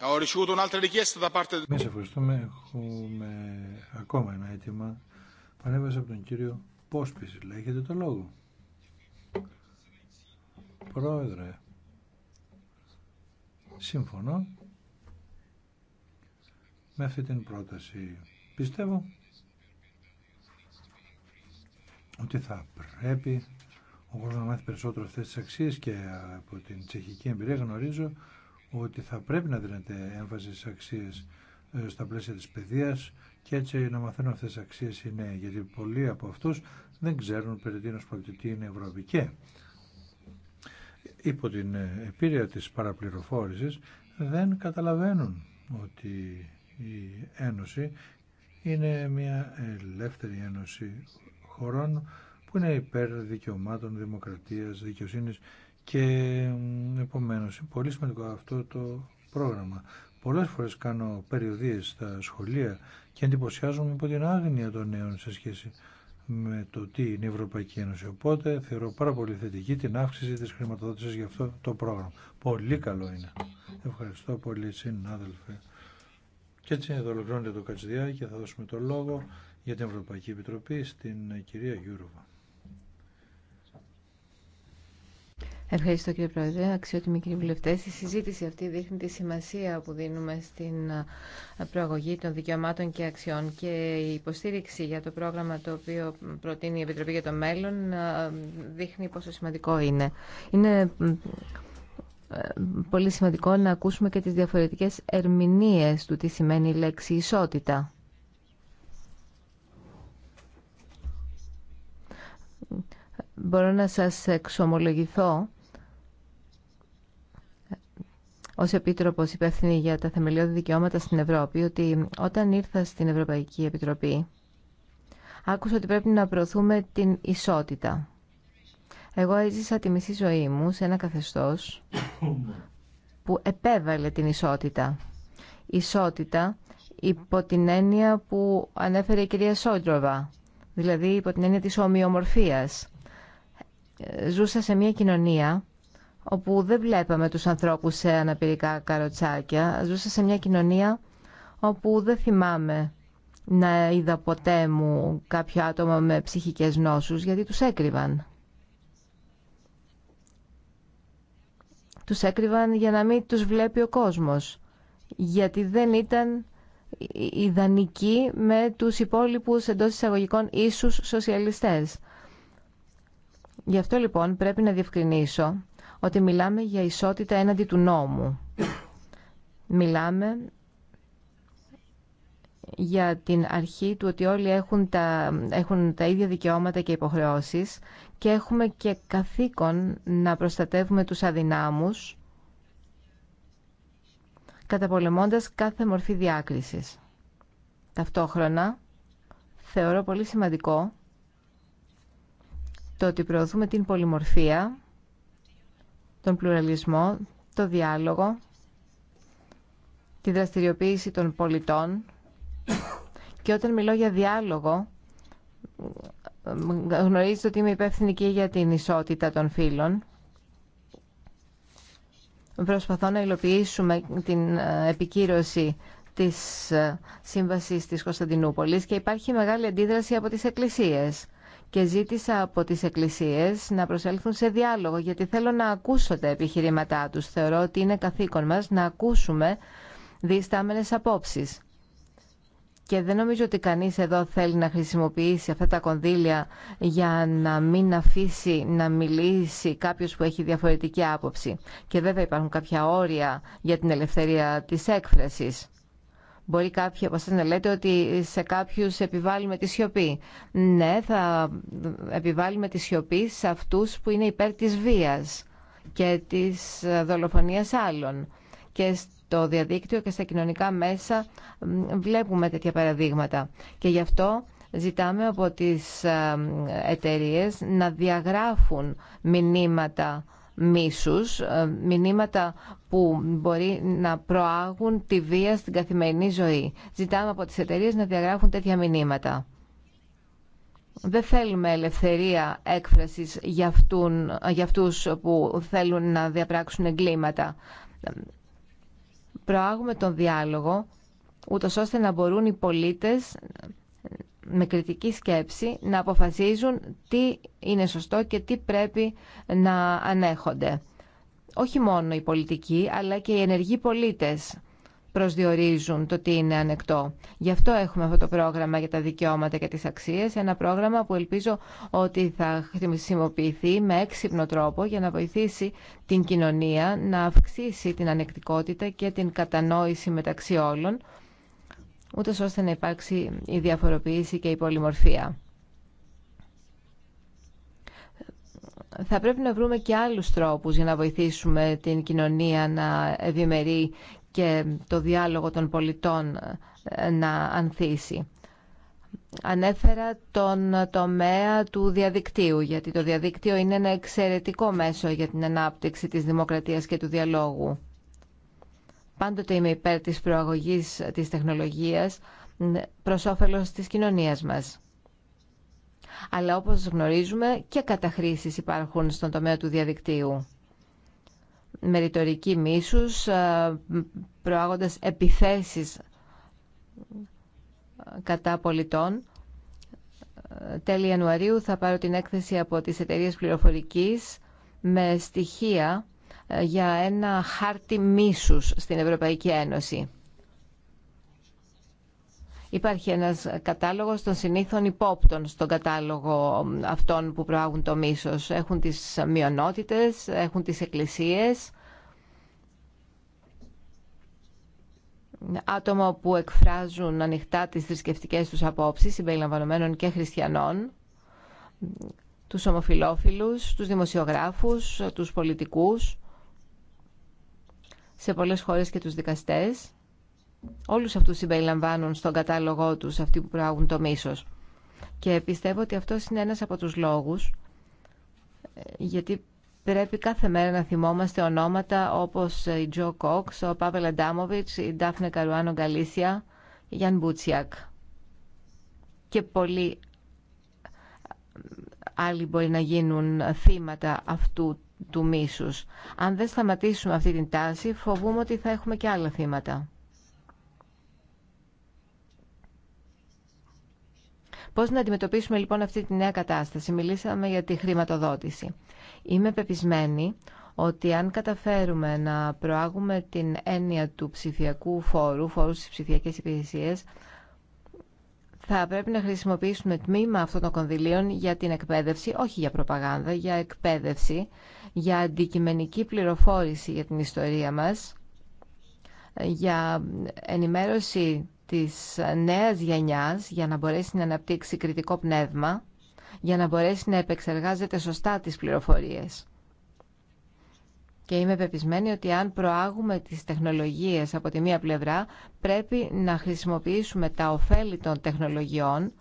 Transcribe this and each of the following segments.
Ε, Εμείς ευχαριστούμε. Έχουμε ακόμα ένα αίτημα. παρέμβαση από τον κύριο Πόσπης. Λέγεται το λόγο. Πρόεδρε, συμφωνώ με αυτή την πρόταση. Πιστεύω ότι θα πρέπει ο κόσμος να μάθει περισσότερο αυτές τις αξίες και από την τσεχική εμπειρία γνωρίζω ότι θα πρέπει να δίνεται έμφαση στις αξίες ε, στα πλαίσια της παιδείας και έτσι να μαθαίνουν αυτές τις αξίες οι νέοι, γιατί πολλοί από αυτούς δεν ξέρουν περί τίνος τι είναι ευρωπαϊκέ. υπό την ε, επίρρεια της παραπληροφόρησης δεν καταλαβαίνουν ότι η Ένωση είναι μια ελεύθερη ένωση χωρών που είναι υπέρ δικαιωμάτων, δημοκρατίας, δικαιοσύνης και επομένως είναι πολύ σημαντικό αυτό το πρόγραμμα. Πολλές φορές κάνω περιοδίες στα σχολεία και εντυπωσιάζομαι από την άγνοια των νέων σε σχέση με το τι είναι η Ευρωπαϊκή Ένωση. Οπότε θεωρώ πάρα πολύ θετική την αύξηση της χρηματοδότησης για αυτό το πρόγραμμα. Πολύ καλό είναι. Ευχαριστώ πολύ συνάδελφε. Και έτσι εδώ ολοκληρώνεται το κατσδιά και θα δώσουμε το λόγο για την Ευρωπαϊκή Επιτροπή στην κυρία Γιούροβα. Ευχαριστώ κύριε Πρόεδρε. Αξιότιμοι κύριοι βουλευτέ, η συζήτηση αυτή δείχνει τη σημασία που δίνουμε στην προαγωγή των δικαιωμάτων και αξιών και η υποστήριξη για το πρόγραμμα το οποίο προτείνει η Επιτροπή για το Μέλλον δείχνει πόσο σημαντικό είναι. Είναι ε, πολύ σημαντικό να ακούσουμε και τις διαφορετικές ερμηνείες του τι σημαίνει η λέξη ισότητα. Μπορώ να σας εξομολογηθώ ως Επίτροπος υπεύθυνη για τα θεμελιώδη δικαιώματα στην Ευρώπη ότι όταν ήρθα στην Ευρωπαϊκή Επιτροπή άκουσα ότι πρέπει να προωθούμε την ισότητα. Εγώ έζησα τη μισή ζωή μου σε ένα καθεστώς που επέβαλε την ισότητα. Ισότητα υπό την έννοια που ανέφερε η κυρία Σόντροβα, δηλαδή υπό την έννοια της ομοιομορφίας. Ζούσα σε μια κοινωνία όπου δεν βλέπαμε τους ανθρώπους σε αναπηρικά καροτσάκια. Ζούσα σε μια κοινωνία όπου δεν θυμάμαι να είδα ποτέ μου κάποιο άτομα με ψυχικές νόσους γιατί τους έκρυβαν. Τους έκρυβαν για να μην τους βλέπει ο κόσμος γιατί δεν ήταν ιδανικοί με τους υπόλοιπους εντός εισαγωγικών ίσους σοσιαλιστές. Γι' αυτό λοιπόν πρέπει να διευκρινίσω ότι μιλάμε για ισότητα έναντι του νόμου. Μιλάμε για την αρχή του ότι όλοι έχουν τα, έχουν τα ίδια δικαιώματα και υποχρεώσεις και έχουμε και καθήκον να προστατεύουμε τους αδυνάμους καταπολεμώντας κάθε μορφή διάκρισης. Ταυτόχρονα, θεωρώ πολύ σημαντικό το ότι προωθούμε την πολυμορφία τον πλουραλισμό, το διάλογο, τη δραστηριοποίηση των πολιτών. Και όταν μιλώ για διάλογο, γνωρίζετε ότι είμαι υπεύθυνη και για την ισότητα των φύλων. Προσπαθώ να υλοποιήσουμε την ε, επικύρωση της ε, Σύμβασης της Κωνσταντινούπολης και υπάρχει μεγάλη αντίδραση από τις εκκλησίες και ζήτησα από τις εκκλησίες να προσέλθουν σε διάλογο γιατί θέλω να ακούσω τα επιχειρήματά τους. Θεωρώ ότι είναι καθήκον μας να ακούσουμε διστάμενες απόψεις. Και δεν νομίζω ότι κανείς εδώ θέλει να χρησιμοποιήσει αυτά τα κονδύλια για να μην αφήσει να μιλήσει κάποιος που έχει διαφορετική άποψη. Και βέβαια υπάρχουν κάποια όρια για την ελευθερία της έκφρασης. Μπορεί κάποιοι από εσά να λέτε ότι σε κάποιους επιβάλλουμε τη σιωπή. Ναι, θα επιβάλλουμε τη σιωπή σε αυτούς που είναι υπέρ της βίας και της δολοφονίας άλλων. Και στο διαδίκτυο και στα κοινωνικά μέσα βλέπουμε τέτοια παραδείγματα. Και γι' αυτό ζητάμε από τις ε, εταιρείες να διαγράφουν μηνύματα μίσους, ε, μηνύματα που μπορεί να προάγουν τη βία στην καθημερινή ζωή. Ζητάμε από τις εταιρείες να διαγράφουν τέτοια μηνύματα. Δεν θέλουμε ελευθερία έκφρασης για, αυτούν, αυτούς που θέλουν να διαπράξουν εγκλήματα. Προάγουμε τον διάλογο, ούτως ώστε να μπορούν οι πολίτες με κριτική σκέψη να αποφασίζουν τι είναι σωστό και τι πρέπει να ανέχονται. Όχι μόνο οι πολιτικοί, αλλά και οι ενεργοί πολίτες προσδιορίζουν το τι είναι ανεκτό. Γι' αυτό έχουμε αυτό το πρόγραμμα για τα δικαιώματα και τις αξίες, ένα πρόγραμμα που ελπίζω ότι θα χρησιμοποιηθεί με έξυπνο τρόπο για να βοηθήσει την κοινωνία να αυξήσει την ανεκτικότητα και την κατανόηση μεταξύ όλων, ούτε ώστε να υπάρξει η διαφοροποίηση και η πολυμορφία. θα πρέπει να βρούμε και άλλους τρόπους για να βοηθήσουμε την κοινωνία να ευημερεί και το διάλογο των πολιτών ε, να ανθίσει. Ανέφερα τον τομέα του διαδικτύου, γιατί το διαδίκτυο είναι ένα εξαιρετικό μέσο για την ανάπτυξη της δημοκρατίας και του διαλόγου. Πάντοτε είμαι υπέρ της προαγωγής της τεχνολογίας προς όφελος της κοινωνίας μας. Αλλά όπως γνωρίζουμε και καταχρήσεις υπάρχουν στον τομέα του διαδικτύου. Με ρητορική μίσους, ε, προάγοντας επιθέσεις κατά πολιτών. Ε, τέλη Ιανουαρίου θα πάρω την έκθεση από τις εταιρείες πληροφορικής με στοιχεία για ένα χάρτη μίσους στην Ευρωπαϊκή Ένωση. Υπάρχει ένας κατάλογος των συνήθων υπόπτων στον κατάλογο αυτών που προάγουν το μίσος. Έχουν τις μειονότητες, έχουν τις εκκλησίες, άτομα που εκφράζουν ανοιχτά τις θρησκευτικέ τους απόψεις, συμπεριλαμβανομένων και χριστιανών, τους ομοφιλόφιλους, τους δημοσιογράφους, τους πολιτικούς σε πολλές χώρες και τους δικαστές. Όλους αυτούς συμπεριλαμβάνουν στον κατάλογό τους αυτοί που προάγουν το μίσος. Και πιστεύω ότι αυτό είναι ένας από τους λόγους ε, γιατί πρέπει κάθε μέρα να θυμόμαστε ονόματα όπως ε, η Τζο Κόξ, ο Πάβελ Αντάμοβιτς, η Ντάφνε Καρουάνο Γκαλίσια, η Γιάν Μπούτσιακ. Και πολλοί ε, άλλοι μπορεί να γίνουν θύματα αυτού του μίσους. Αν δεν σταματήσουμε αυτή την τάση, φοβούμε ότι θα έχουμε και άλλα θύματα. Πώς να αντιμετωπίσουμε λοιπόν αυτή τη νέα κατάσταση. Μιλήσαμε για τη χρηματοδότηση. Είμαι πεπισμένη ότι αν καταφέρουμε να προάγουμε την έννοια του ψηφιακού φόρου, φόρου στις ψηφιακές υπηρεσίες, θα πρέπει να χρησιμοποιήσουμε τμήμα αυτών των κονδυλίων για την εκπαίδευση, όχι για προπαγάνδα, για εκπαίδευση για αντικειμενική πληροφόρηση για την ιστορία μας, για ενημέρωση της νέας γενιάς για να μπορέσει να αναπτύξει κριτικό πνεύμα, για να μπορέσει να επεξεργάζεται σωστά τις πληροφορίες. Και είμαι πεπισμένη ότι αν προάγουμε τις τεχνολογίες από τη μία πλευρά, πρέπει να χρησιμοποιήσουμε τα ωφέλη των τεχνολογιών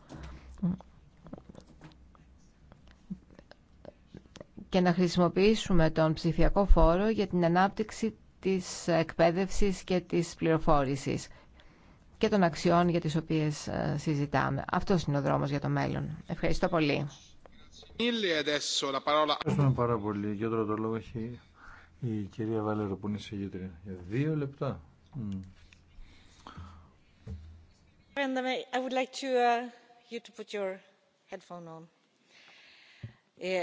και να χρησιμοποιήσουμε τον ψηφιακό φόρο για την ανάπτυξη της εκπαίδευσης και της πληροφόρησης και των αξιών για τις οποίες ε, συζητάμε. Αυτός είναι ο δρόμος για το μέλλον. Ευχαριστώ πολύ. Ευχαριστούμε πάρα πολύ. Και τώρα το λόγο έχει η κυρία Βαλέρο που είναι συγγήτρια. Για δύο λεπτά. I would like to, uh, you to put your headphone on. Ε,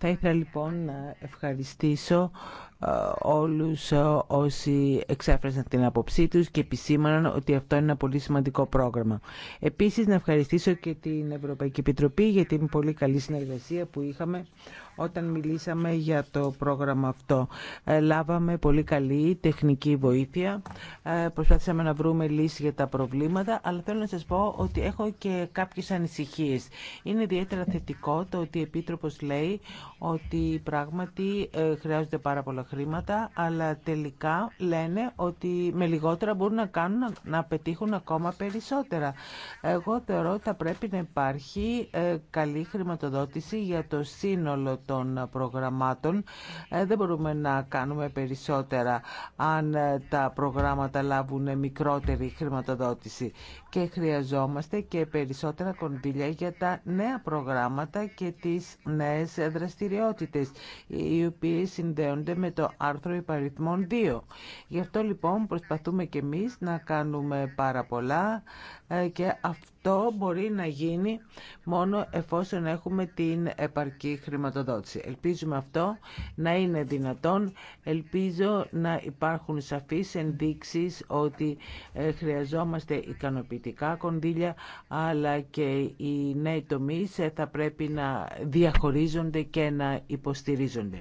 Θα ήθελα λοιπόν να ευχαριστήσω ε, όλους ε, όσοι εξέφρασαν την άποψή τους και επισήμαναν ότι αυτό είναι ένα πολύ σημαντικό πρόγραμμα. Επίσης να ευχαριστήσω και την Ευρωπαϊκή Επιτροπή για την πολύ καλή συνεργασία που είχαμε όταν μιλήσαμε για το πρόγραμμα αυτό. Ε, λάβαμε πολύ καλή τεχνική βοήθεια. Ε, Προσπάθησαμε να βρούμε λύση για τα προβλήματα, αλλά θέλω να σας πω ότι έχω και κάποιες ανησυχίες. Είναι ιδιαίτερα θετικό το ότι η Επίτροπος λέει ότι πράγματι ε, χρειάζονται πάρα πολλά χρήματα, αλλά τελικά λένε ότι με λιγότερα μπορούν να κάνουν να πετύχουν ακόμα περισσότερα. Εγώ θεωρώ ότι θα πρέπει να υπάρχει καλή χρηματοδότηση για το σύνολο των προγραμμάτων. Ε, δεν μπορούμε να κάνουμε περισσότερα αν ε, τα προγράμματα λάβουν ε, μικρότερη χρηματοδότηση και χρειαζόμαστε και περισσότερα κονδύλια για τα νέα προγράμματα και τις νέες δραστηριότητες οι οποίες συνδέονται με το άρθρο υπαριθμών 2. Γι' αυτό λοιπόν προσπαθούμε και εμείς να κάνουμε πάρα πολλά ε, και αυτό μπορεί να γίνει μόνο εφόσον έχουμε την επαρκή χρηματοδότηση. Ελπίζουμε αυτό να είναι δυνατόν. Ελπίζω να υπάρχουν σαφείς ενδείξεις ότι ε, χρειαζόμαστε ικανοποιητικές δυτικά κονδύλια αλλά και οι νέοι τομείς θα πρέπει να διαχωρίζονται και να υποστηρίζονται.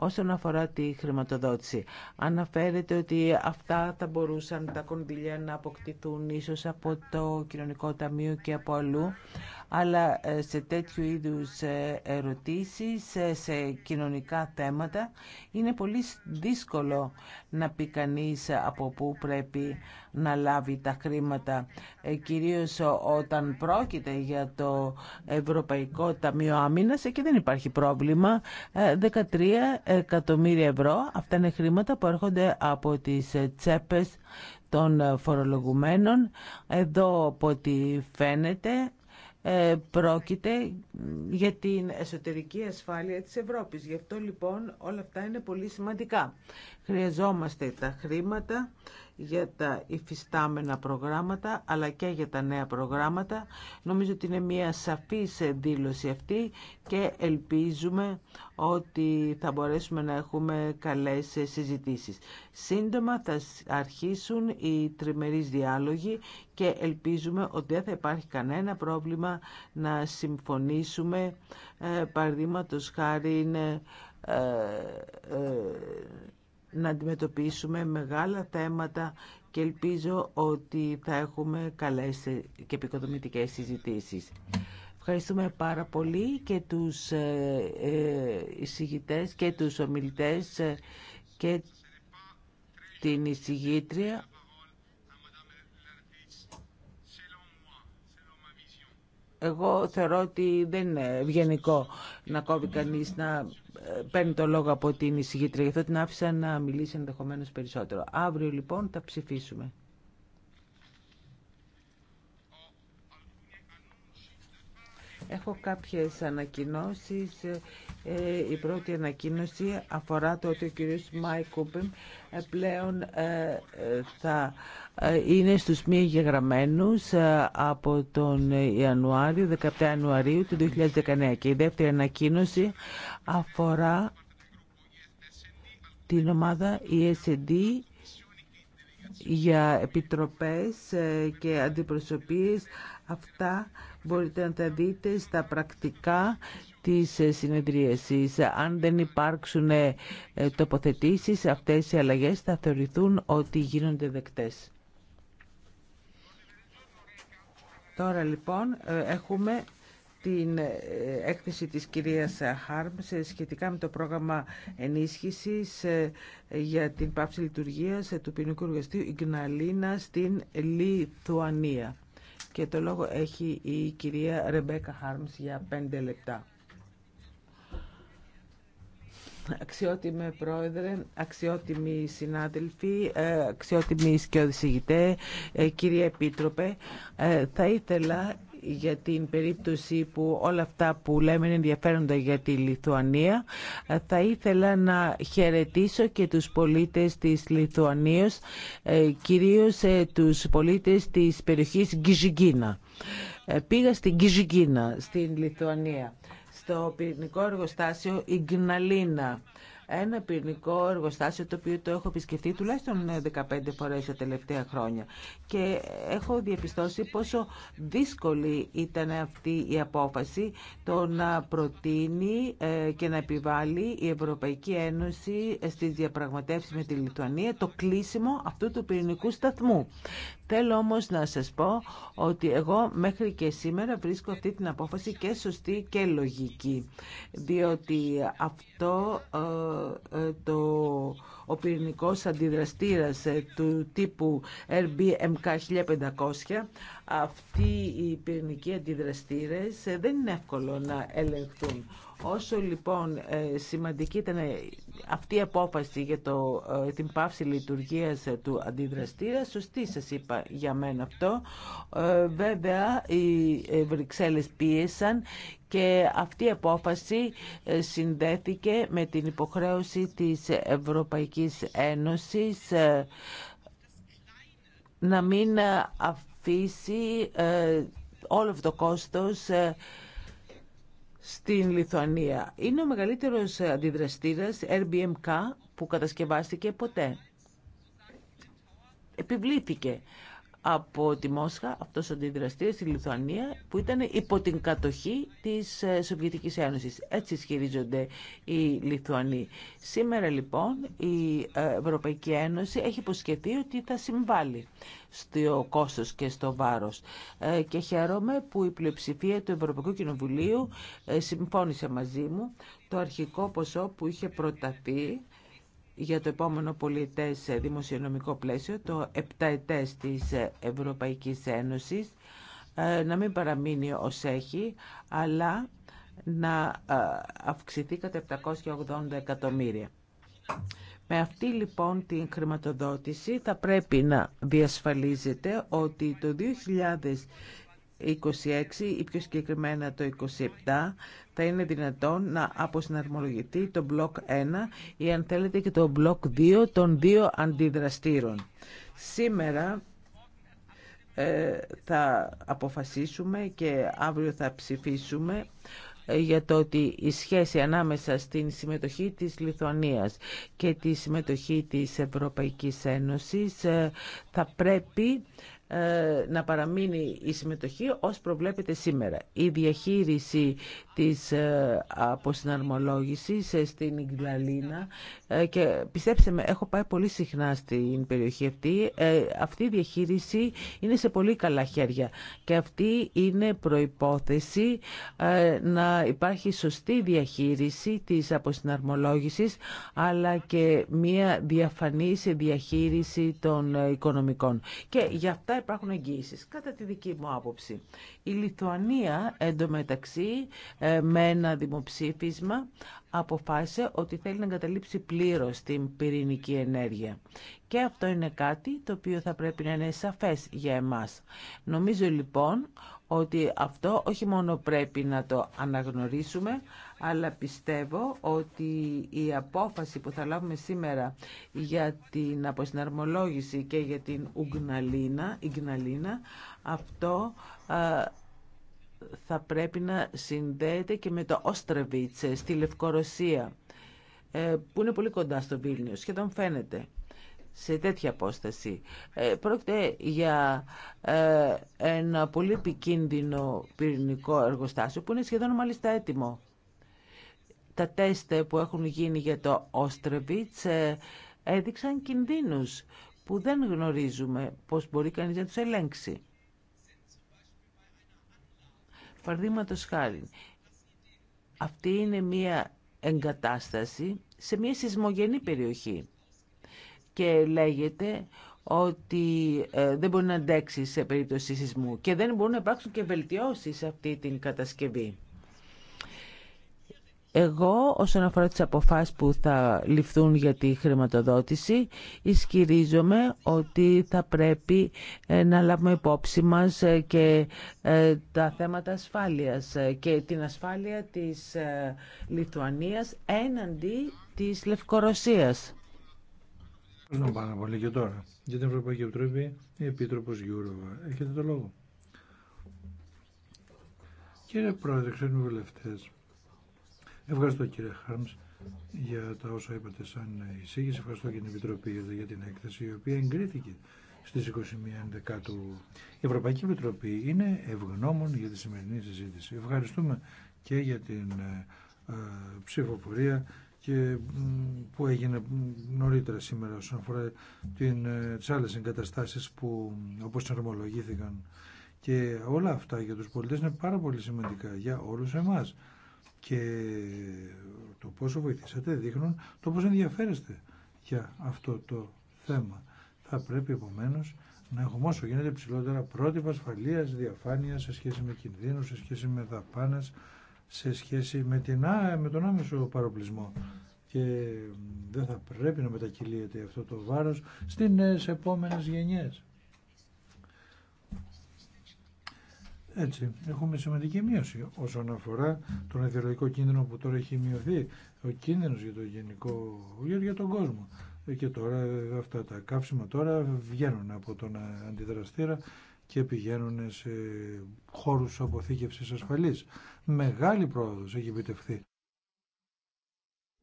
Όσον αφορά τη χρηματοδότηση, αναφέρεται ότι αυτά θα μπορούσαν τα κονδύλια να αποκτηθούν ίσως από το Κοινωνικό Ταμείο και από αλλού, αλλά ε, σε τέτοιου είδους ε, ερωτήσεις, ε, σε κοινωνικά θέματα, είναι πολύ δύσκολο να πει κανείς από πού πρέπει να λάβει τα χρήματα. Κυρίως όταν πρόκειται για το Ευρωπαϊκό Ταμείο Άμυνας, εκεί δεν υπάρχει πρόβλημα. 13 εκατομμύρια ευρώ, αυτά είναι χρήματα που έρχονται από τις τσέπες των φορολογουμένων. Εδώ από ό,τι φαίνεται ε, πρόκειται για την εσωτερική ασφάλεια της Ευρώπης. Γι' αυτό λοιπόν όλα αυτά είναι πολύ σημαντικά. Χρειαζόμαστε τα χρήματα για τα υφιστάμενα προγράμματα αλλά και για τα νέα προγράμματα. Νομίζω ότι είναι μια σαφή δήλωση αυτή και ελπίζουμε ότι θα μπορέσουμε να έχουμε καλές συζητήσεις. Σύντομα θα αρχίσουν οι τριμερείς διάλογοι και ελπίζουμε ότι δεν θα υπάρχει κανένα πρόβλημα να συμφωνήσουμε ε, παραδείγματος χάρη είναι, ε, ε, να αντιμετωπίσουμε μεγάλα θέματα και ελπίζω ότι θα έχουμε καλές και επικοδομητικές συζητήσεις. Ευχαριστούμε πάρα πολύ και τους ε, ε, εισηγητές και τους ομιλητές ε, και την εισηγήτρια. Εγώ θεωρώ ότι δεν είναι ευγενικό να κόβει κανεί να ε, παίρνει το λόγο από την εισηγήτρια. Γι' αυτό την άφησα να μιλήσει ενδεχομένω περισσότερο. Αύριο λοιπόν θα ψηφίσουμε. Έχω κάποιες ανακοινώσεις. Ε, η πρώτη ανακοίνωση αφορά το ότι ο κύριος Μάικ Κούπεμ ε, πλέον ε, θα είναι στους μη εγγεγραμμένους από τον Ιανουάριο, 17 Ιανουαρίου του 2019. Και η δεύτερη ανακοίνωση αφορά την ομάδα ESD για επιτροπές και αντιπροσωπείες αυτά μπορείτε να τα δείτε στα πρακτικά της συνεδρίασης. Αν δεν υπάρξουν ε, τοποθετήσεις, αυτές οι αλλαγές θα θεωρηθούν ότι γίνονται δεκτές. Τώρα λοιπόν ε, έχουμε την ε, έκθεση της κυρίας Χάρμ σχετικά με το πρόγραμμα ενίσχυσης για την πάυση λειτουργίας του ποινικού εργαστήου Ιγναλίνα στην Λιθουανία. Και το λόγο έχει η κυρία Ρεμπέκα Χάρμς για πέντε λεπτά. Αξιότιμε πρόεδρε, αξιότιμοι συνάδελφοι, ε, αξιότιμοι σκιοδησηγητέ, ε, κύριε Επίτροπε, ε, θα ήθελα για την περίπτωση που όλα αυτά που λέμε είναι ενδιαφέροντα για τη Λιθουανία. Θα ήθελα να χαιρετήσω και τους πολίτες της Λιθουανίας, ε, κυρίως ε, τους πολίτες της περιοχής Γκυζικίνα. Ε, πήγα στην Γκυζικίνα, στην Λιθουανία, στο πυρηνικό εργοστάσιο Ιγναλίνα ένα πυρηνικό εργοστάσιο το οποίο το έχω επισκεφτεί τουλάχιστον 15 ε, φορές τα τελευταία χρόνια και έχω διαπιστώσει πόσο δύσκολη ήταν αυτή η απόφαση το να προτείνει ε, και να επιβάλλει η Ευρωπαϊκή Ένωση ε, στις διαπραγματεύσεις με τη Λιτουανία το κλείσιμο αυτού του πυρηνικού σταθμού. Θέλω όμως να σας πω ότι εγώ μέχρι και σήμερα βρίσκω αυτή την απόφαση και σωστή και λογική. Διότι αυτό ε, ε, το ο πυρηνικός αντιδραστήρας ε, του τύπου RBMK1500. Αυτοί οι πυρηνικοί αντιδραστήρες δεν είναι εύκολο να ελεγχθούν. Όσο λοιπόν ε, σημαντική ήταν αυτή η απόφαση για το, ε, την πάυση λειτουργίας του αντιδραστήρα, σωστή σας είπα για μένα αυτό. Ε, βέβαια οι Βρυξέλλες πίεσαν και αυτή η απόφαση συνδέθηκε με την υποχρέωση της Ευρωπαϊκής Ένωσης να μην αφήσει όλο αυτό το κόστος στην Λιθουανία. Είναι ο μεγαλύτερος αντιδραστήρας RBMK που κατασκευάστηκε ποτέ. Επιβλήθηκε από τη Μόσχα, αυτός ο αντιδραστής, στη Λιθουανία, που ήταν υπό την κατοχή της ε, Σοβιετικής Ένωσης. Έτσι ισχυρίζονται οι Λιθουανοί. Σήμερα λοιπόν η ε, Ευρωπαϊκή Ένωση έχει υποσχεθεί ότι θα συμβάλλει στο κόστος και στο βάρος. Ε, και χαίρομαι που η πλειοψηφία του Ευρωπαϊκού Κοινοβουλίου συμφώνησε μαζί μου το αρχικό ποσό που είχε προταθεί για το επόμενο πολιτές δημοσιονομικό πλαίσιο, το επταετές της Ευρωπαϊκής Ένωσης, ε, να μην παραμείνει ως έχει, αλλά να ε, αυξηθεί κατά 780 εκατομμύρια. Με αυτή λοιπόν την χρηματοδότηση θα πρέπει να διασφαλίζεται ότι το 26 ή πιο συγκεκριμένα το 27 θα είναι δυνατόν να αποσυναρμολογηθεί το μπλοκ 1 ή αν θέλετε και το μπλοκ 2 των δύο αντιδραστήρων. Σήμερα ε, θα αποφασίσουμε και αύριο θα ψηφίσουμε ε, για το ότι η σχέση ανάμεσα στην συμμετοχή της Λιθουανίας και τη συμμετοχή της Ευρωπαϊκής Ένωσης ε, θα πρέπει ε, να παραμείνει η συμμετοχή ως προβλέπεται σήμερα. Η διαχείριση της ε, αποσυναρμολόγησης ε, στην Ιγκλαλίνα και πιστέψτε με, έχω πάει πολύ συχνά στην περιοχή αυτή. Αυτή η διαχείριση είναι σε πολύ καλά χέρια και αυτή είναι προϋπόθεση να υπάρχει σωστή διαχείριση της αποσυναρμολόγησης αλλά και μια διαφανής διαχείριση των οικονομικών. Και για αυτά υπάρχουν εγγύησεις, κατά τη δική μου άποψη. Η Λιθουανία εντωμεταξύ ε, με ένα δημοψήφισμα αποφάσισε ότι θέλει να εγκαταλείψει πλήρως την πυρηνική ενέργεια. Και αυτό είναι κάτι το οποίο θα πρέπει να είναι σαφές για εμάς. Νομίζω λοιπόν ότι αυτό όχι μόνο πρέπει να το αναγνωρίσουμε, αλλά πιστεύω ότι η απόφαση που θα λάβουμε σήμερα για την αποσυναρμολόγηση και για την Ουγγναλίνα, αυτό θα πρέπει να συνδέεται και με το Όστρεβιτς στη Λευκορωσία, ε, που είναι πολύ κοντά στο Βίλνιο, σχεδόν φαίνεται σε τέτοια απόσταση. Ε, πρόκειται για ε, ένα πολύ επικίνδυνο πυρηνικό εργοστάσιο που είναι σχεδόν μάλιστα έτοιμο. Τα τεστ που έχουν γίνει για το Όστρεβιτς έδειξαν κινδύνους που δεν γνωρίζουμε πώς μπορεί κανείς να τους ελέγξει. Παραδείγματο χάρη, αυτή είναι μία εγκατάσταση σε μία σεισμογενή περιοχή και λέγεται ότι ε, δεν μπορεί να αντέξει σε περίπτωση σεισμού και δεν μπορούν να υπάρξουν και βελτιώσεις σε αυτή την κατασκευή. Εγώ, όσον αφορά τις αποφάσεις που θα ληφθούν για τη χρηματοδότηση, ισχυρίζομαι ότι θα πρέπει ε, να λάβουμε υπόψη μας ε, και τα θέματα ασφάλειας και την ασφάλεια της Λιθουανίας έναντι της Λευκορωσίας. Ευχαριστώ πάρα πολύ και τώρα. Για την Ευρωπαϊκή Επιτροπή, η Επίτροπος Γιούροβα. Έχετε το λόγο. Κύριε Πρόεδρε, ξέρουμε Ευχαριστώ κύριε Χάρμς για τα όσα είπατε σαν εισήγηση. Ευχαριστώ και την Επιτροπή για την έκθεση η οποία εγκρίθηκε στις 21 Δεκάτου. Η Ευρωπαϊκή Επιτροπή είναι ευγνώμων για τη σημερινή συζήτηση. Ευχαριστούμε και για την ε, ε, ψηφοφορία που έγινε νωρίτερα σήμερα όσον αφορά την, ε, τις άλλες εγκαταστάσεις που όπως συναρμολογήθηκαν και όλα αυτά για τους πολίτες είναι πάρα πολύ σημαντικά για όλους εμάς και το πόσο βοηθήσατε δείχνουν το πόσο ενδιαφέρεστε για αυτό το θέμα. Θα πρέπει επομένω να έχουμε όσο γίνεται ψηλότερα πρότυπα ασφαλεία, διαφάνεια σε σχέση με κινδύνους σε σχέση με δαπάνε, σε σχέση με, με τον άμεσο παροπλισμό και δεν θα πρέπει να μετακυλίεται αυτό το βάρος στις επόμενες γενιές. Έτσι, έχουμε σημαντική μείωση όσον αφορά τον εθελοντικό κίνδυνο που τώρα έχει μειωθεί, ο κίνδυνος για, το γενικό, για τον κόσμο. Ε, και τώρα αυτά τα καύσιμα τώρα βγαίνουν από τον αντιδραστήρα και πηγαίνουν σε χώρους αποθήκευσης ασφαλής. Μεγάλη πρόοδος έχει επιτευχθεί.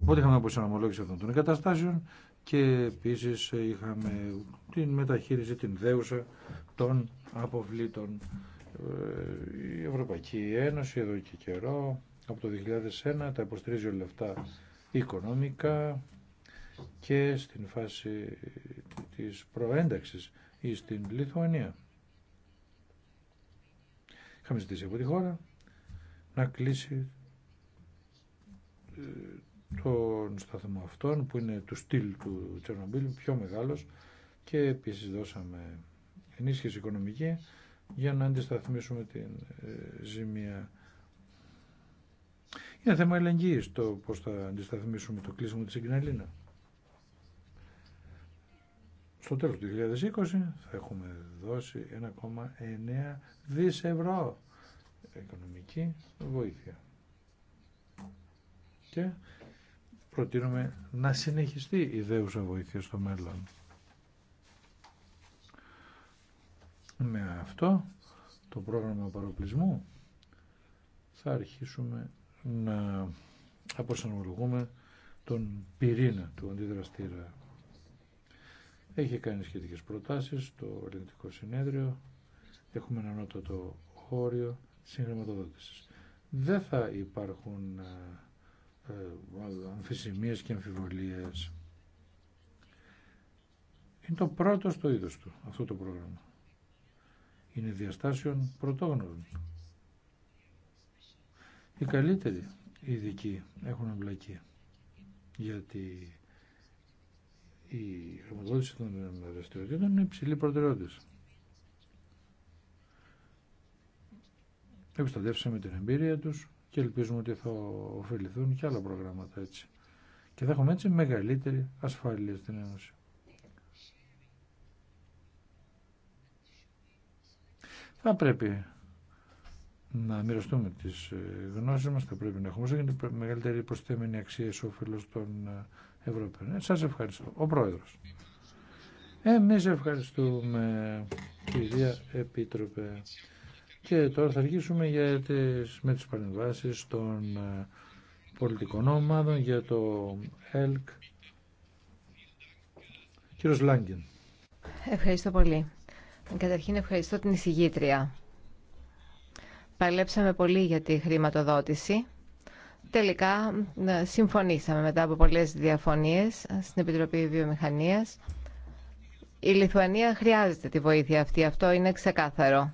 Οπότε είχαμε αποσυναμολόγηση αυτών των εγκαταστάσεων και επίσης είχαμε την μεταχείριση, την δέουσα των αποβλήτων. Ε, η Ευρωπαϊκή Ένωση εδώ και καιρό, από το 2001, τα υποστηρίζει όλα αυτά οικονομικά και στην φάση της προένταξης ή στην Λιθουανία. Είχαμε ζητήσει από τη χώρα να κλείσει ε, τον σταθμό αυτόν που είναι του στυλ του Τσερνομπίλ, πιο μεγάλος και επίσης δώσαμε ενίσχυση οικονομική για να αντισταθμίσουμε την ε, ζημία. Είναι θέμα ελεγγύης το πώς θα αντισταθμίσουμε το κλείσιμο της Εγκυναλίνας στο τέλος του 2020 θα έχουμε δώσει 1,9 δις ευρώ οικονομική βοήθεια. Και προτείνουμε να συνεχιστεί η δέουσα βοήθεια στο μέλλον. Με αυτό το πρόγραμμα παροπλισμού θα αρχίσουμε να αποσανολογούμε τον πυρήνα του αντιδραστήρα έχει κάνει σχετικές προτάσεις στο Ελληνικό Συνέδριο. Έχουμε ένα το όριο συγχρηματοδότησης. Δεν θα υπάρχουν ε, ε, αμφισημίες και αμφιβολίες. Είναι το πρώτο στο είδος του αυτό το πρόγραμμα. Είναι διαστάσεων πρωτόγνωρων. Οι καλύτεροι ειδικοί έχουν εμπλακεί γιατί η χρηματοδότηση των δραστηριοτήτων είναι υψηλή προτεραιότητα. Επιστατεύσαμε την εμπειρία τους και ελπίζουμε ότι θα ωφεληθούν και άλλα προγράμματα έτσι. Και θα έχουμε έτσι μεγαλύτερη ασφάλεια στην Ένωση. Θα πρέπει να μοιραστούμε τις ε, γνώσεις μας, θα πρέπει να έχουμε όσο μεγαλύτερη προσθέμενη αξία εις όφελος των ε, Ευρώπη. Ε, σας ευχαριστώ. Ο Πρόεδρος. Εμείς ευχαριστούμε κυρία Επίτροπε. Και τώρα θα αρχίσουμε για τις, με τις παρεμβάσεις των ε, πολιτικών ομάδων για το ΕΛΚ. Κύριος Λάγκεν. Ευχαριστώ πολύ. Καταρχήν ευχαριστώ την εισηγήτρια. Παλέψαμε πολύ για τη χρηματοδότηση Τελικά ε, συμφωνήσαμε μετά από πολλές διαφωνίες στην Επιτροπή Βιομηχανίας. Η Λιθουανία χρειάζεται τη βοήθεια αυτή, αυτό είναι ξεκάθαρο.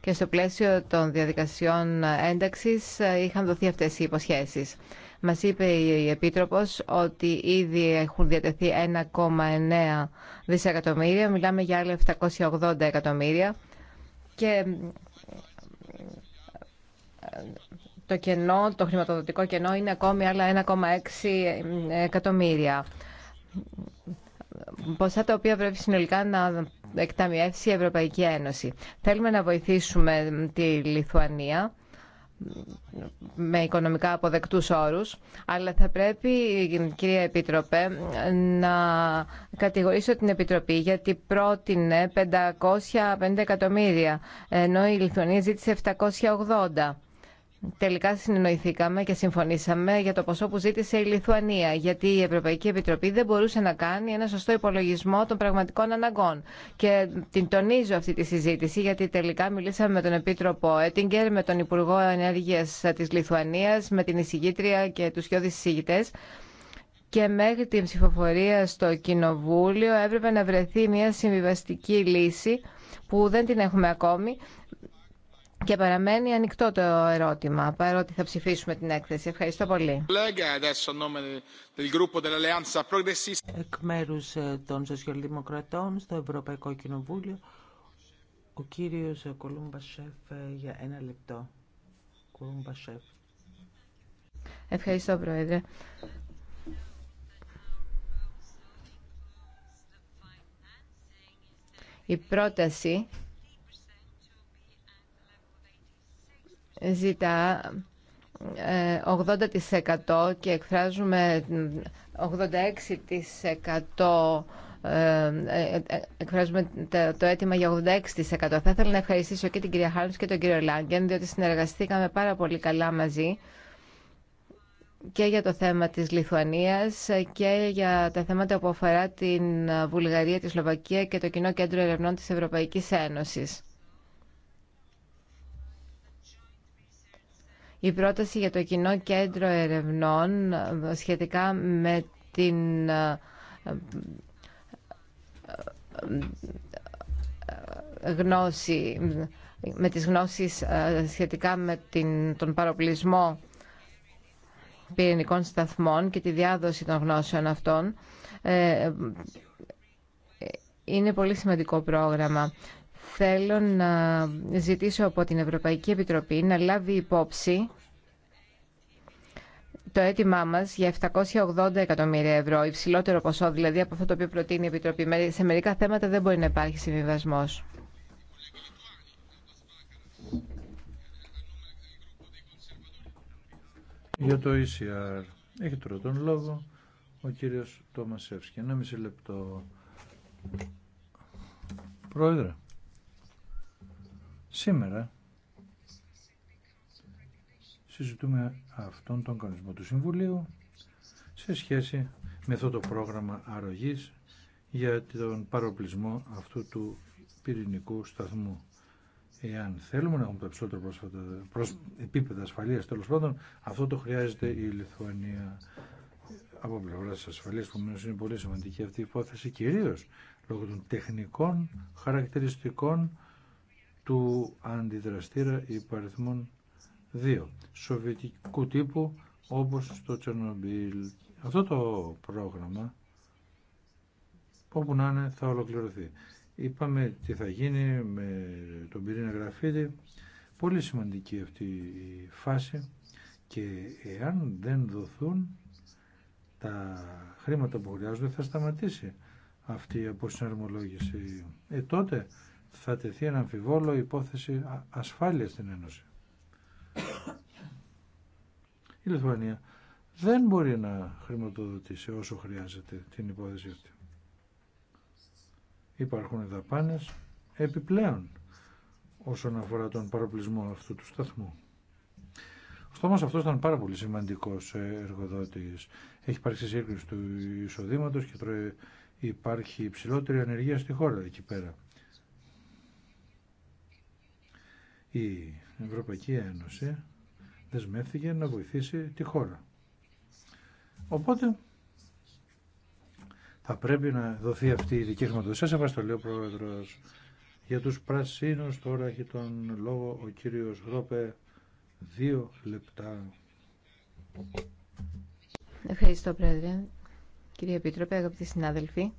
Και στο πλαίσιο των διαδικασιών ένταξης ε, είχαν δοθεί αυτές οι υποσχέσεις. Μας είπε η Επίτροπος ότι ήδη έχουν διατεθεί 1,9 δισεκατομμύρια, μιλάμε για άλλα 780 εκατομμύρια και ε, το κενό, το χρηματοδοτικό κενό είναι ακόμη άλλα 1,6 εκατομμύρια. Ποσά τα οποία πρέπει συνολικά να εκταμιεύσει η Ευρωπαϊκή Ένωση. Θέλουμε να βοηθήσουμε τη Λιθουανία με οικονομικά αποδεκτούς όρους, αλλά θα πρέπει, κυρία Επίτροπε, να κατηγορήσω την Επιτροπή γιατί πρότεινε 550 εκατομμύρια, ενώ η Λιθουανία ζήτησε 780. Τελικά συνεννοηθήκαμε και συμφωνήσαμε για το ποσό που ζήτησε η Λιθουανία, γιατί η Ευρωπαϊκή Επιτροπή δεν μπορούσε να κάνει ένα σωστό υπολογισμό των πραγματικών αναγκών. Και την τονίζω αυτή τη συζήτηση, γιατί τελικά μιλήσαμε με τον Επίτροπο Έτιγκερ, με τον Υπουργό Ενέργεια τη Λιθουανία, με την εισηγήτρια και του κοιόδη εισηγητέ. Και μέχρι την ψηφοφορία στο Κοινοβούλιο έπρεπε να βρεθεί μια συμβιβαστική λύση που δεν την έχουμε ακόμη και παραμένει ανοιχτό το ερώτημα, παρότι θα ψηφίσουμε την έκθεση. Ευχαριστώ πολύ. Ε, Εκ μέρου ε, των Σοσιαλδημοκρατών στο Ευρωπαϊκό Κοινοβούλιο, ο ε, Κολούμπα Σεφ για ένα λεπτό. Σεφ. Ευχαριστώ, Πρόεδρε. Η πρόταση ζητά 80% ε, και εκφράζουμε 86% ε, ε, εκφράζουμε το αίτημα για 86%. Θα ήθελα να ευχαριστήσω και την κυρία Χάρμς και τον κύριο Λάγκεν, διότι συνεργαστήκαμε πάρα πολύ καλά μαζί και για το θέμα της Λιθουανίας και για τα θέματα που αφορά την Βουλγαρία, τη Σλοβακία και το Κοινό Κέντρο Ερευνών της Ευρωπαϊκής Ένωσης. Η πρόταση για το κοινό κέντρο ερευνών ε, σχετικά με την ε, ε, γνώση, με τις γνώσεις σχετικά με την, τον παροπλισμό πυρηνικών σταθμών και τη διάδοση των γνώσεων αυτών είναι πολύ σημαντικό πρόγραμμα. Θέλω να ζητήσω από την Ευρωπαϊκή Επιτροπή να λάβει υπόψη το αίτημά μα για 780 εκατομμύρια ευρώ, υψηλότερο ποσό δηλαδή από αυτό το οποίο προτείνει η Επιτροπή. Σε μερικά θέματα δεν μπορεί να υπάρχει συμβιβασμό. Για το ECR έχει τώρα τον λόγο ο κύριος Τόμας Εύσκη. Ένα μισή λεπτό. Πρόεδρε. Σήμερα συζητούμε αυτόν τον κανονισμό του Συμβουλίου σε σχέση με αυτό το πρόγραμμα αρρωγής για τον παροπλισμό αυτού του πυρηνικού σταθμού. Εάν θέλουμε να έχουμε περισσότερο πρόσφατα προς επίπεδα ασφαλείας τέλος πάντων, αυτό το χρειάζεται η Λιθουανία από πλευρά τη ασφαλεία. Επομένω, είναι πολύ σημαντική αυτή η υπόθεση, κυρίω λόγω των τεχνικών χαρακτηριστικών του αντιδραστήρα υπαριθμών 2 σοβιετικού τύπου όπως στο Τσερνομπίλ. Αυτό το πρόγραμμα όπου να είναι θα ολοκληρωθεί. Είπαμε τι θα γίνει με τον πυρήνα γραφίδι. Πολύ σημαντική αυτή η φάση και εάν δεν δοθούν τα χρήματα που χρειάζονται θα σταματήσει αυτή η αποσυναρμολόγηση. Ε, τότε θα τεθεί ένα αμφιβόλο υπόθεση ασφάλειας στην Ένωση. Η Λιθουανία δεν μπορεί να χρηματοδοτήσει όσο χρειάζεται την υπόθεση αυτή. Υπάρχουν δαπάνες επιπλέον όσον αφορά τον παροπλισμό αυτού του σταθμού. Ο στόμας αυτός ήταν πάρα πολύ σημαντικό εργοδότης. Έχει υπάρξει σύγκριση του εισοδήματο και υπάρχει υψηλότερη ανεργία στη χώρα εκεί πέρα. Η Ευρωπαϊκή Ένωση δεσμεύτηκε να βοηθήσει τη χώρα. Οπότε θα πρέπει να δοθεί αυτή η δική χρηματοδοσία. Σας ευχαριστώ, λέει Πρόεδρος. Για τους πρασίνους τώρα έχει τον λόγο ο κύριος Ρόπε. Δύο λεπτά. Ευχαριστώ, Πρόεδρε. Κύριε Επίτροπε, αγαπητοί συνάδελφοι.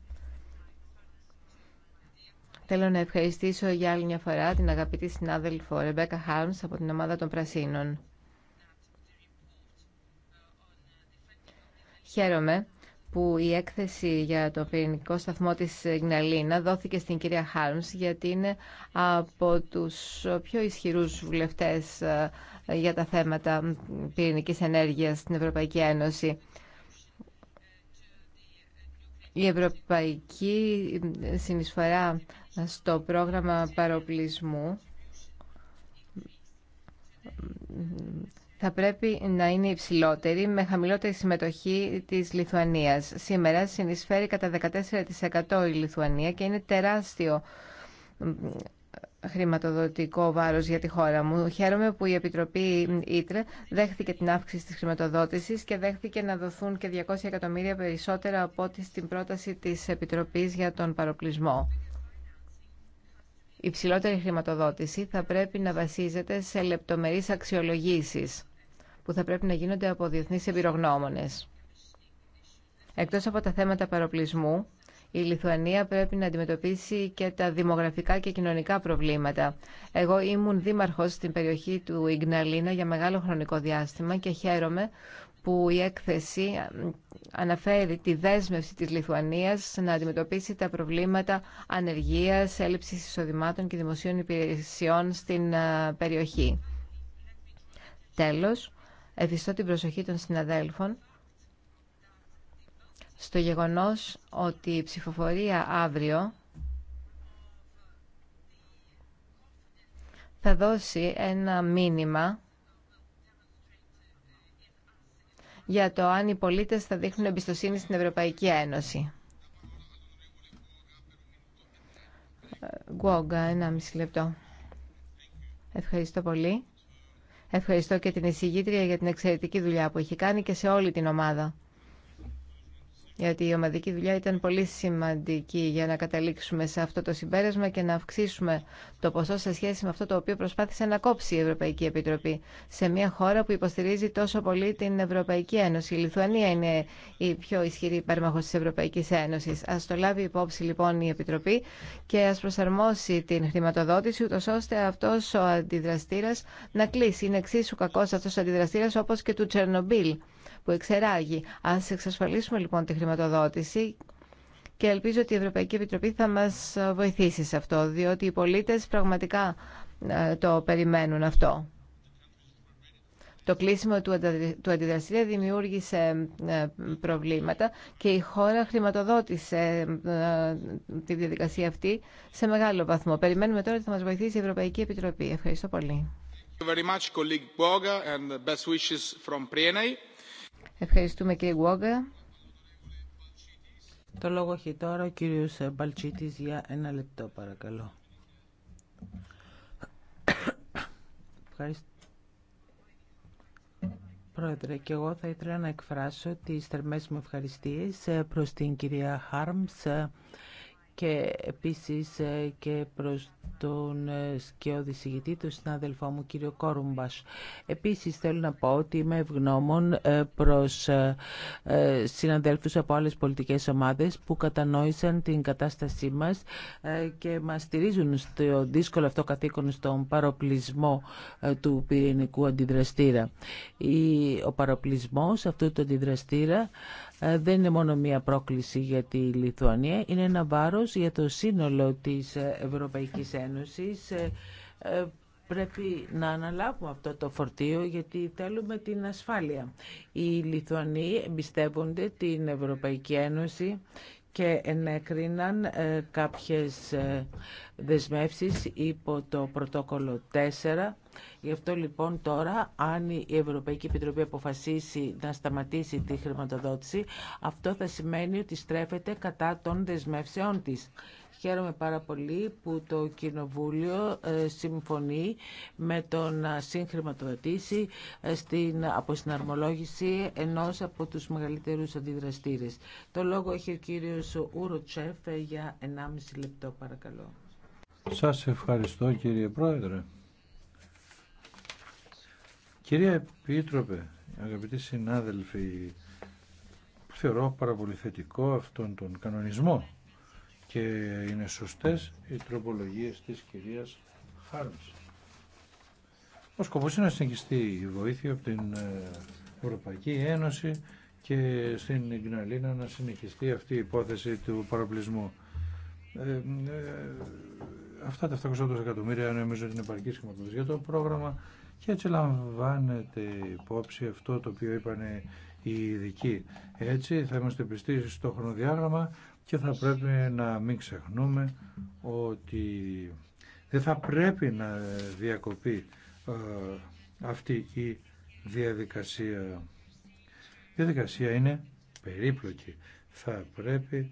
Θέλω να ευχαριστήσω για άλλη μια φορά την αγαπητή συνάδελφο Ρεμπέκα Χάρμς από την ομάδα των Πρασίνων. Χαίρομαι που η έκθεση για το πυρηνικό σταθμό της Γναλίνα δόθηκε στην κυρία Χάρμς γιατί είναι από τους πιο ισχυρούς βουλευτές ε, για τα θέματα πυρηνικής ενέργειας στην Ευρωπαϊκή Ένωση. Η ευρωπαϊκή συνεισφορά στο πρόγραμμα παροπλισμού θα πρέπει να είναι υψηλότερη με χαμηλότερη συμμετοχή της Λιθουανίας. Σήμερα συνεισφέρει κατά 14% η Λιθουανία και είναι τεράστιο χρηματοδοτικό βάρος για τη χώρα μου. Χαίρομαι που η Επιτροπή Ήτρε δέχθηκε την αύξηση της χρηματοδότησης και δέχθηκε να δοθούν και 200 εκατομμύρια περισσότερα από ό,τι στην πρόταση της Επιτροπής για τον παροπλισμό. Η ψηλότερη χρηματοδότηση θα πρέπει να βασίζεται σε λεπτομερείς αξιολογήσεις που θα πρέπει να γίνονται από διεθνείς εμπειρογνώμονες. Εκτός από τα θέματα παροπλισμού, η Λιθουανία πρέπει να αντιμετωπίσει και τα δημογραφικά και κοινωνικά προβλήματα. Εγώ ήμουν δήμαρχος στην περιοχή του Ιγναλίνα για μεγάλο χρονικό διάστημα και χαίρομαι που η έκθεση αναφέρει τη δέσμευση της Λιθουανίας να αντιμετωπίσει τα προβλήματα ανεργίας, έλλειψης εισοδημάτων και δημοσίων υπηρεσιών στην περιοχή. Τέλος, ευχηστώ την προσοχή των συναδέλφων στο γεγονός ότι η ψηφοφορία αύριο θα δώσει ένα μήνυμα για το αν οι πολίτες θα δείχνουν εμπιστοσύνη στην Ευρωπαϊκή Ένωση. Γκουόγκα, ένα μισή λεπτό. Ευχαριστώ πολύ. Ευχαριστώ και την εισηγήτρια για την εξαιρετική δουλειά που έχει κάνει και σε όλη την ομάδα γιατί η ομαδική δουλειά ήταν πολύ σημαντική για να καταλήξουμε σε αυτό το συμπέρασμα και να αυξήσουμε το ποσό σε σχέση με αυτό το οποίο προσπάθησε να κόψει η Ευρωπαϊκή Επιτροπή σε μια χώρα που υποστηρίζει τόσο πολύ την Ευρωπαϊκή Ένωση. Η Λιθουανία είναι η πιο ισχυρή υπέρμαχο τη Ευρωπαϊκή Ένωση. Α το λάβει υπόψη λοιπόν η Επιτροπή και α προσαρμόσει την χρηματοδότηση, ούτω ώστε αυτό ο αντιδραστήρα να κλείσει. Είναι εξίσου κακό αυτό ο αντιδραστήρα όπω και του Τσερνομπίλ που εξεράγει. α εξασφαλίσουμε λοιπόν τη χρηματοδότηση και ελπίζω ότι η Ευρωπαϊκή Επιτροπή θα μας βοηθήσει σε αυτό, διότι οι πολίτες πραγματικά ε, το περιμένουν αυτό. Το κλείσιμο του αντιδραστήρια δημιούργησε ε, προβλήματα και η χώρα χρηματοδότησε ε, τη διαδικασία αυτή σε μεγάλο βαθμό. Περιμένουμε τώρα ότι θα μας βοηθήσει η Ευρωπαϊκή Επιτροπή. Ευχαριστώ πολύ. Ευχαριστούμε κύριε Γουόγκα. Το λόγο έχει τώρα ο κύριος Μπαλτσίτης για ένα λεπτό παρακαλώ. Πρόεδρε, και εγώ θα ήθελα να εκφράσω τις θερμές μου ευχαριστίες ε, προς την κυρία Χάρμς ε, και επίσης ε, και προς τον ε, σκιώδη συγητή, του συνάδελφό μου κύριο Κόρουμπας. Επίσης θέλω να πω ότι είμαι ευγνώμων ε, προς συναδέλφους από άλλες πολιτικές ομάδες που κατανόησαν την κατάστασή μας και μας στηρίζουν στο δύσκολο αυτό καθήκον στον παροπλισμό του πυρηνικού αντιδραστήρα. Ο παροπλισμός αυτού του αντιδραστήρα δεν είναι μόνο μία πρόκληση για τη Λιθουανία, είναι ένα βάρο για το σύνολο της Ευρωπαϊκής Ένωσης ε, ε, πρέπει να αναλάβουμε αυτό το φορτίο γιατί θέλουμε την ασφάλεια. Οι Λιθουανοί εμπιστεύονται την Ευρωπαϊκή Ένωση και ενέκριναν ε, κάποιες δεσμεύσεις υπό το πρωτόκολλο 4 Γι' αυτό λοιπόν τώρα, αν η Ευρωπαϊκή Επιτροπή αποφασίσει να σταματήσει τη χρηματοδότηση, αυτό θα σημαίνει ότι στρέφεται κατά των δεσμεύσεών της. Χαίρομαι πάρα πολύ που το Κοινοβούλιο ε, συμφωνεί με το να συγχρηματοδοτήσει ε, στην αποσυναρμολόγηση ενός από τους μεγαλύτερους αντιδραστήρες. Το λόγο έχει ο κύριος Ουροτσέφ για 1,5 λεπτό παρακαλώ. Σας ευχαριστώ κύριε Πρόεδρε. Κυρία Επίτροπε, αγαπητοί συνάδελφοι, θεωρώ πάρα πολύ θετικό αυτόν τον κανονισμό και είναι σωστές οι τροπολογίες της κυρίας Χάρμς. Ο σκοπός είναι να συνεχιστεί η βοήθεια από την ε, Ευρωπαϊκή Ένωση και στην Ιγναλίνα να συνεχιστεί αυτή η υπόθεση του παραπλησμού. Ε, ε, αυτά τα 700 εκατομμύρια νομίζω ότι είναι επαρκή σχηματοδότηση για το πρόγραμμα και έτσι λαμβάνεται υπόψη αυτό το οποίο είπαν οι ειδικοί. Έτσι θα είμαστε πιστοί στο χρονοδιάγραμμα και θα πρέπει να μην ξεχνούμε ότι δεν θα πρέπει να διακοπεί ε, αυτή η διαδικασία. Η διαδικασία είναι περίπλοκη. Θα πρέπει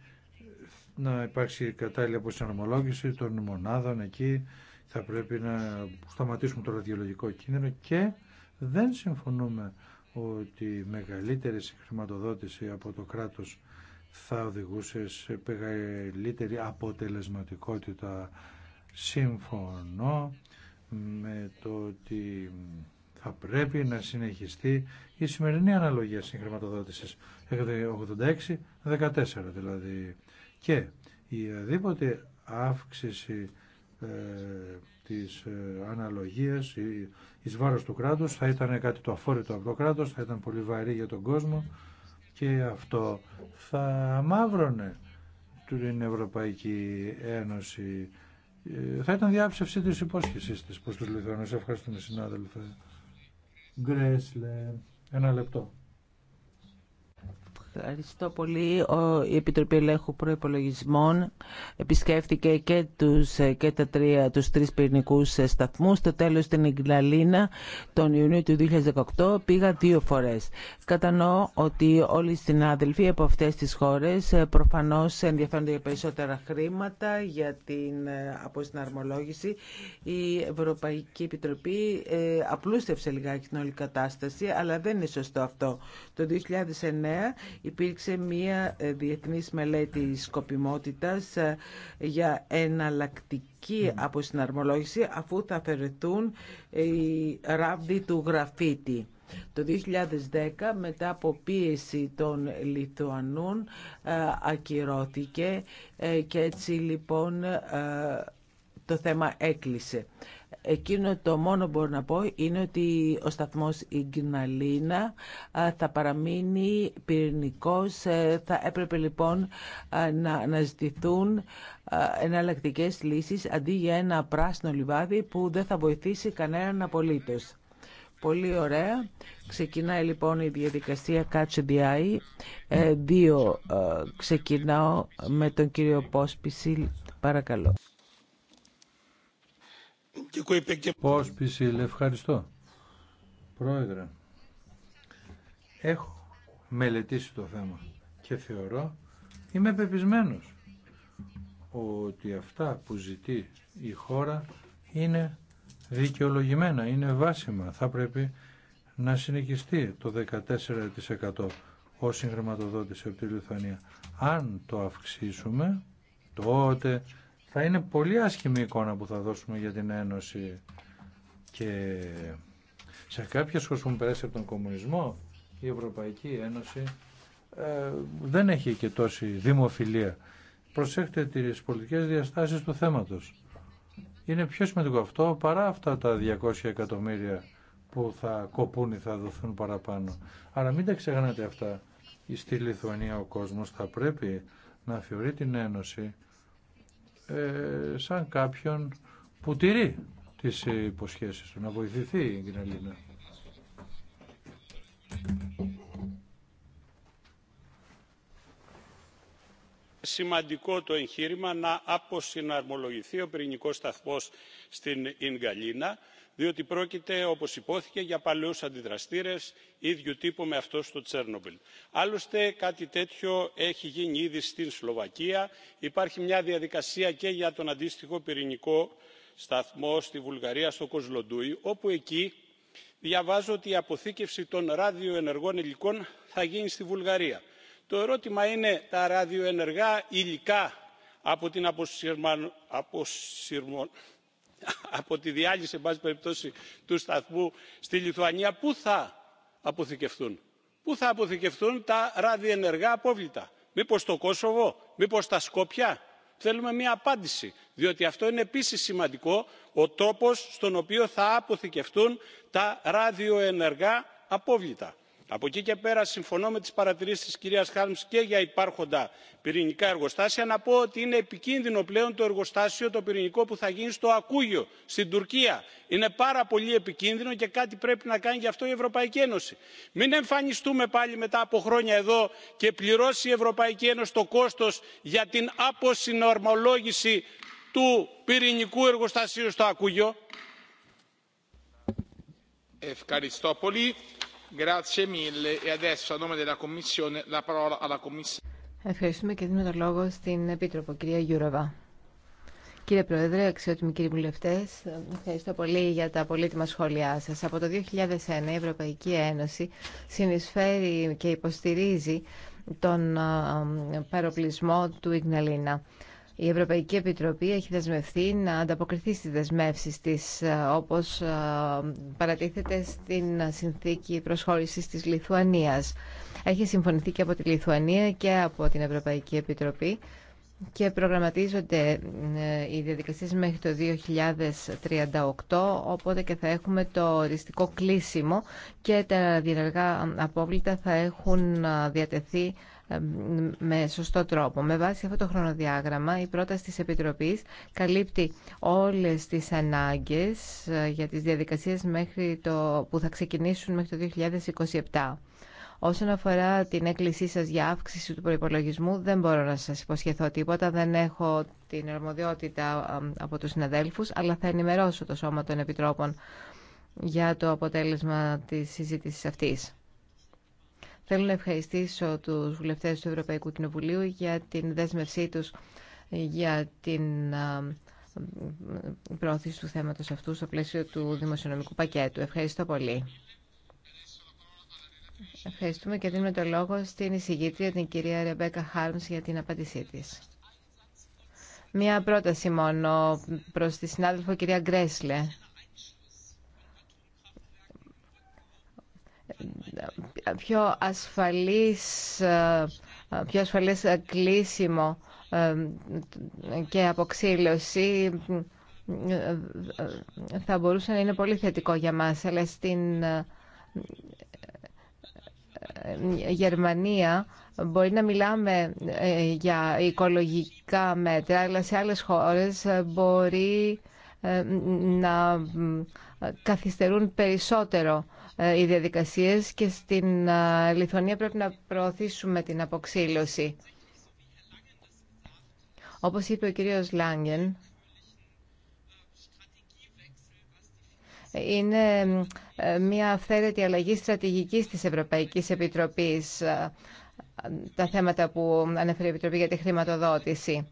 να υπάρξει κατάλληλη αποσυνομολόγηση των μονάδων εκεί θα πρέπει να σταματήσουμε το ραδιολογικό κίνδυνο και δεν συμφωνούμε ότι μεγαλύτερη συγχρηματοδότηση από το κράτος θα οδηγούσε σε μεγαλύτερη αποτελεσματικότητα. Συμφωνώ με το ότι θα πρέπει να συνεχιστεί η σημερινή αναλογία συγχρηματοδότησης 86-14 δηλαδή και η αδίποτε αύξηση ε, της ε, αναλογίας εις βάρος του κράτους θα ήταν κάτι το αφόρητο από το κράτος θα ήταν πολύ βαρύ για τον κόσμο και αυτό θα μαύρωνε την Ευρωπαϊκή Ένωση ε, θα ήταν διάψευση της υπόσχεσής της προς τους Λιθουανούς ευχαριστούμε συνάδελφε Γκρέσλε ένα λεπτό Ευχαριστώ πολύ. η Επιτροπή Ελέγχου Προϋπολογισμών επισκέφθηκε και, τους, και τα τρία, τους τρεις πυρηνικούς σταθμούς. Στο τέλος στην Ιγκλαλίνα τον Ιουνίου του 2018 πήγα δύο φορές. Κατανοώ ότι όλοι οι συνάδελφοι από αυτές τις χώρες προφανώς ενδιαφέρονται για περισσότερα χρήματα για την αποσυναρμολόγηση. Η Ευρωπαϊκή Επιτροπή ε, απλούστευσε λιγάκι την όλη κατάσταση, αλλά δεν είναι σωστό αυτό. Το 2009 υπήρξε μία ε, διεθνής μελέτη σκοπιμότητας ε, για εναλλακτική αποσυναρμολόγηση αφού θα αφαιρεθούν οι ράβδοι του γραφίτη. Το 2010 μετά από πίεση των Λιθουανούν ε, ακυρώθηκε και έτσι λοιπόν το θέμα έκλεισε. Εκείνο το μόνο που μπορώ να πω είναι ότι ο σταθμός Ιγκυναλίνα θα παραμείνει πυρηνικός. Ε, θα έπρεπε λοιπόν να αναζητηθούν εναλλακτικέ λύσεις αντί για ένα πράσινο λιβάδι που δεν θα βοηθήσει κανέναν απολύτως. Πολύ ωραία. Ξεκινάει λοιπόν η διαδικασία Catch the Eye. Ε, δύο ξεκινάω με τον κύριο Πόσπισιλ. Παρακαλώ. Πώς ευχαριστώ. Πρόεδρε, έχω μελετήσει το θέμα και θεωρώ, είμαι πεπισμένος ότι αυτά που ζητεί η χώρα είναι δικαιολογημένα, είναι βάσιμα. Θα πρέπει να συνεχιστεί το 14% ως συγχρηματοδότηση από τη Λιθανία. Αν το αυξήσουμε, τότε θα είναι πολύ άσχημη εικόνα που θα δώσουμε για την Ένωση και σε κάποιες χώρες που περάσει από τον κομμουνισμό η Ευρωπαϊκή Ένωση ε, δεν έχει και τόση δημοφιλία. Προσέχτε τις πολιτικές διαστάσεις του θέματος. Είναι πιο σημαντικό αυτό παρά αυτά τα 200 εκατομμύρια που θα κοπούν ή θα δοθούν παραπάνω. Άρα μην τα ξεχνάτε αυτά. Στη Λιθουανία ο κόσμος θα πρέπει να θεωρεί την Ένωση ε, σαν κάποιον που τηρεί τις υποσχέσεις του, να βοηθηθεί η Γκριναλίνα. σημαντικό το εγχείρημα να αποσυναρμολογηθεί ο πυρηνικός σταθμός στην Ινγκαλίνα διότι πρόκειται όπως υπόθηκε για παλαιούς αντιδραστήρες ίδιου τύπου με αυτό στο τσέρνομπιλ. άλλωστε κάτι τέτοιο έχει γίνει ήδη στην σλοβακία υπάρχει μια διαδικασία και για τον αντίστοιχο πυρηνικό σταθμό στη βουλγαρία στο κοσλοντούι όπου εκεί διαβάζω ότι η αποθήκευση των ραδιοενεργών υλικών θα γίνει στη βουλγαρία. το ερώτημα είναι τα ραδιοενεργά υλικά από την αποσύρμαν από τη διάλυση εν πάση περιπτώσει του σταθμού στη Λιθουανία πού θα αποθηκευτούν. Πού θα αποθηκευτούν τα ραδιενεργά απόβλητα. Μήπως στο Κόσοβο, μήπως στα Σκόπια. Θέλουμε μια απάντηση, διότι αυτό είναι επίσης σημαντικό, ο τρόπος στον οποίο θα αποθηκευτούν τα ραδιοενεργά απόβλητα από εκεί και πέρα συμφωνώ με τις παρατηρήσεις της κυρίας harms και για υπάρχοντα πυρηνικά εργοστάσια να πω ότι είναι επικίνδυνο πλέον το εργοστάσιο το πυρηνικό που θα γίνει στο ακούγιο στην τουρκία. είναι πάρα πολύ επικίνδυνο και κάτι πρέπει να κάνει γι' αυτό η ευρωπαϊκή ένωση. μην εμφανιστούμε πάλι μετά από χρόνια εδώ και πληρώσει η ευρωπαϊκή ένωση το κόστος για την αποσυνορμολόγηση του πυρηνικού εργοστασίου στο ακούγιο. Ευχαριστώ Ευχαριστούμε και δίνω το λόγο στην Επίτροπο, κυρία Γιούροβα. Κύριε Πρόεδρε, αξιότιμοι κύριοι βουλευτέ, ευχαριστώ πολύ για τα πολύτιμα σχόλιά σα. Από το 2001 η Ευρωπαϊκή Ένωση συνεισφέρει και υποστηρίζει τον παροπλισμό του Ιγναλίνα. Η Ευρωπαϊκή Επιτροπή έχει δεσμευθεί να ανταποκριθεί στις δεσμεύσεις της, ε, όπως ε, παρατίθεται στην συνθήκη προσχώρησης της Λιθουανίας. Έχει συμφωνηθεί και από τη Λιθουανία και από την Ευρωπαϊκή Επιτροπή και προγραμματίζονται ε, οι διαδικασίες μέχρι το 2038, οπότε και θα έχουμε το οριστικό κλείσιμο και τα διεργά απόβλητα θα έχουν διατεθεί με σωστό τρόπο. Με βάση αυτό το χρονοδιάγραμμα, η πρόταση της Επιτροπής καλύπτει όλες τις ανάγκες ε, για τις διαδικασίες μέχρι το, που θα ξεκινήσουν μέχρι το 2027. Όσον αφορά την έκκλησή σας για αύξηση του προϋπολογισμού, δεν μπορώ να σας υποσχεθώ τίποτα, δεν έχω την αρμοδιότητα από τους συναδέλφους, αλλά θα ενημερώσω το Σώμα των Επιτρόπων για το αποτέλεσμα της συζήτησης αυτής. Θέλω να ευχαριστήσω τους βουλευτές του Ευρωπαϊκού Κοινοβουλίου για την δέσμευσή τους για την πρόθεση του θέματος αυτού στο πλαίσιο του δημοσιονομικού πακέτου. Ευχαριστώ πολύ. Ευχαριστούμε και δίνουμε το λόγο στην εισηγήτρια την κυρία Ρεμπέκα Χάρμς για την απάντησή της. Μία πρόταση μόνο προς τη συνάδελφο κυρία Γκρέσλε. πιο ασφαλής, ε, ε, πιο ασφαλές ε, κλείσιμο και αποξύλωση θα μπορούσε να είναι πολύ θετικό για μας, αλλά στην Γερμανία μπορεί να μιλάμε για οικολογικά μέτρα, αλλά σε άλλες χώρες μπορεί να καθυστερούν περισσότερο ε, οι διαδικασίες και στην ε, Λιθουανία πρέπει να προωθήσουμε την αποξήλωση. Όπως είπε ο κύριος Λάγγεν, είναι ε, μια αυθαίρετη αλλαγή στρατηγικής της Ευρωπαϊκής Επιτροπής τα θέματα που ανέφερε η Επιτροπή για τη χρηματοδότηση.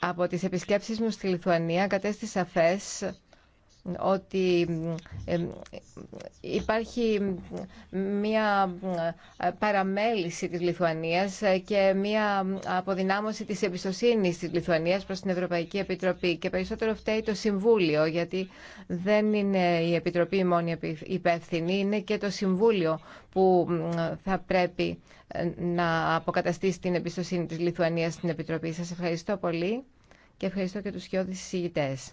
Από τις επισκέψεις μου στη Λιθουανία κατέστησα σαφές ότι υπάρχει μια παραμέληση της Λιθουανίας και μια αποδυνάμωση της εμπιστοσύνης της Λιθουανίας προς την Ευρωπαϊκή Επιτροπή και περισσότερο φταίει το Συμβούλιο γιατί δεν είναι η Επιτροπή η μόνη υπεύθυνη, είναι και το Συμβούλιο που θα πρέπει ε, να αποκαταστήσει την εμπιστοσύνη της Λιθουανίας στην Επιτροπή. Σας ευχαριστώ πολύ και ευχαριστώ και τους σκιώδεις συζητητές.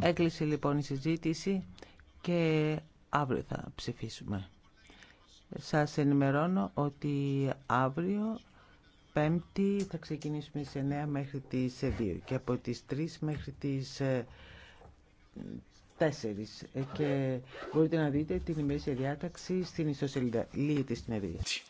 Έκλεισε λοιπόν η συζήτηση και αύριο θα ψηφίσουμε. Σας ενημερώνω ότι αύριο Πέμπτη θα ξεκινήσουμε στις 9 μέχρι τις 2 και από τις 3 μέχρι τις 4 ε, ε, και μπορείτε να δείτε την ημερήσια διάταξη στην ιστοσελίδα. Λίγη τη συνεδρία.